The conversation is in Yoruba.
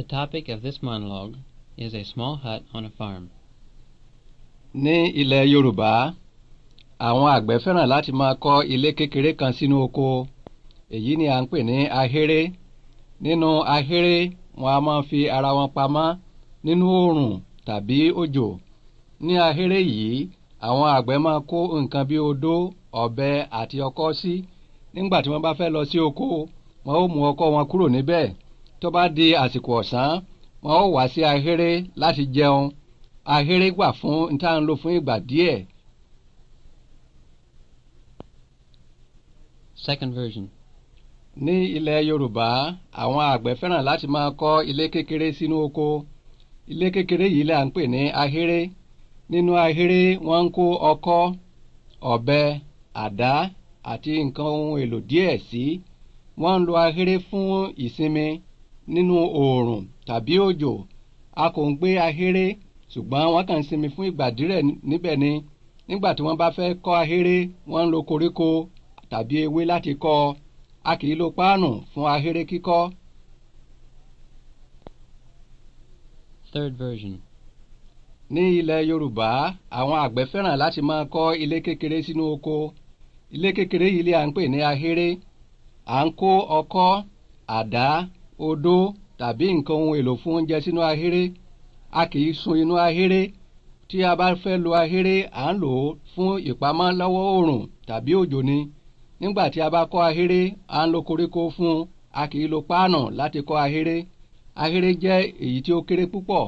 The topic of this monologue is a small hut on a farm. Ní ilẹ̀ Yorùbá, àwọn àgbẹ̀ fẹ́ràn láti máa kọ́ ilé kékeré kan sínú oko. Èyí ni à ń pè ní ahéré. Nínú ahéré, wọn a máa fi ara wọn pamọ́ nínú oòrùn tàbí òjò. Ní ahéré yìí, àwọn àgbẹ̀ máa kó nǹkan bí odó, ọ̀bẹ àti ọkọ́ sí. Nígbà tí wọ́n bá fẹ́ lọ sí oko, wọn ó mú ọkọ́ wọn kúrò níbẹ̀ tó bá di àsìkò ọ̀sán wọn ó wá sí ahéré láti jẹun ahéré wà fún níta ń lò fún ìgbà díẹ̀. Second version. ní ilẹ̀ Yorùbá àwọn àgbẹ̀ fẹ́ràn láti máa kọ́ ilé kékeré sínú oko ilé kékeré yìí là ń pè ní ahéré nínú ahéré wọ́n ń kó ọkọ́ ọ̀bẹ àdá àti nǹkan ohun èlò díẹ̀ sí wọ́n ń lo ahéré fún ìsinmi nínú oòrùn tàbí òjò a kò ń gbé ahéré ṣùgbọ́n wọ́n kàn ń sinmi fún ìgbà díẹ̀ níbẹ̀ ni nígbà tí wọ́n bá fẹ́ kọ́ ahéré wọ́n ń lo koríko tàbí ewé láti kọ́ a kì í lo páànù fún ahéré kíkọ́. Third version. Ní ilẹ̀ Yorùbá àwọn àgbẹ̀ fẹ́ràn láti máa kọ́ ilé kékeré sínú oko ilé kékeré yìí lè à ń pè ní ahéré à ń kó ọkọ́ àdá odó tàbí nǹkan ohun èlò fún oúnjẹ sínú ahéré a kì í sun inú ahéré tí a bá fẹ́ lo ahéré à ń lò ó fún ìpamọ́ lọ́wọ́ oòrùn tàbí òjò ni nígbà tí a bá kọ́ ahéré à ń lo koríko fún un a kì í lo páànù láti kọ́ ahéré ahéré jẹ́ èyí tí ó kéré púpọ̀